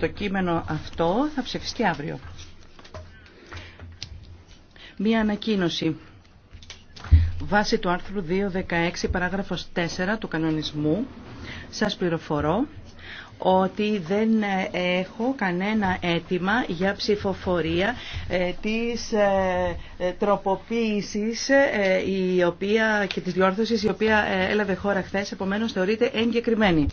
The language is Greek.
Το κείμενο αυτό θα ψηφιστεί αύριο. Μία ανακοίνωση. Βάσει του άρθρου 2.16 παράγραφος 4 του κανονισμού σας πληροφορώ ότι δεν έχω κανένα αίτημα για ψηφοφορία ε, της ε, ε, τροποποίησης η οποία, και της διόρθωσης η οποία έλαβε χώρα χθες, επομένως θεωρείται εγκεκριμένη.